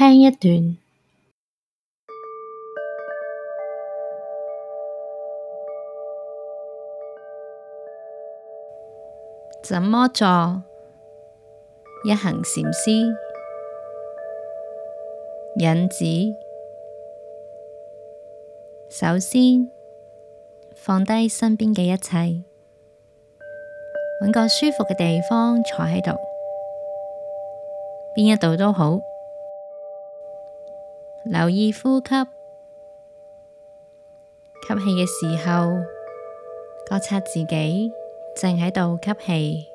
聽一段，怎麼做一行禪師引子。首先，放低身邊嘅一切，揾個舒服嘅地方坐喺度，邊一度都好。留意呼吸，吸氣嘅時候，覺察自己正喺度吸氣；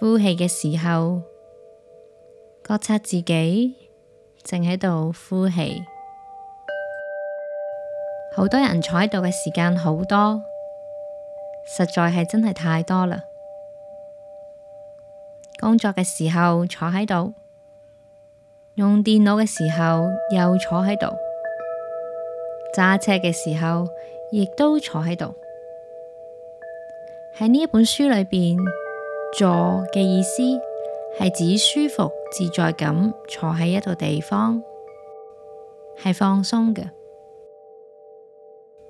呼氣嘅時候，覺察自己正喺度呼氣。好多人坐喺度嘅時間好多，實在係真係太多啦。工作嘅時候，坐喺度。用電腦嘅時候又坐喺度，揸車嘅時候亦都坐喺度。喺呢一本書裏邊，坐嘅意思係指舒服自在咁坐喺一個地方，係放鬆嘅，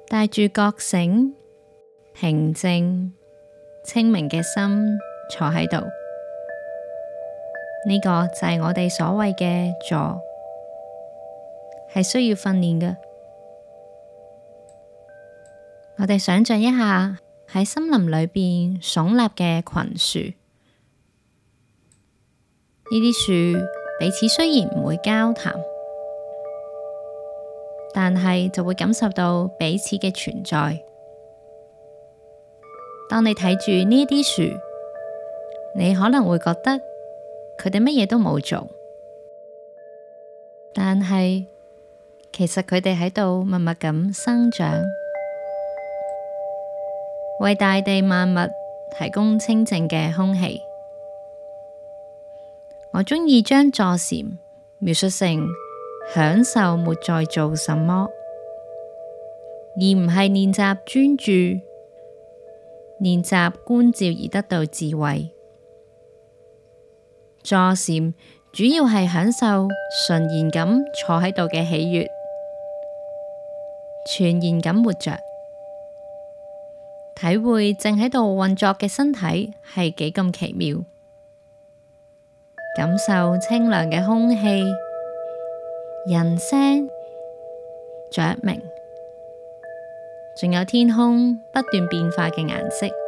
帶住覺醒、平靜、清明嘅心坐喺度。呢個就係我哋所謂嘅「座」，係需要訓練嘅。我哋想象一下喺森林裏邊聳立嘅群樹，呢啲樹彼此雖然唔會交談，但係就會感受到彼此嘅存在。當你睇住呢啲樹，你可能會覺得。佢哋乜嘢都冇做，但係其實佢哋喺度默默咁生長，為大地萬物提供清淨嘅空氣。我鍾意將坐禪描述成享受，沒在做什麼，而唔係練習專注、練習觀照而得到智慧。坐禪主要係享受純然咁坐喺度嘅喜悅，全然咁活着，體會正喺度運作嘅身體係幾咁奇妙，感受清涼嘅空氣、人聲、雀鳴，仲有天空不斷變化嘅顏色。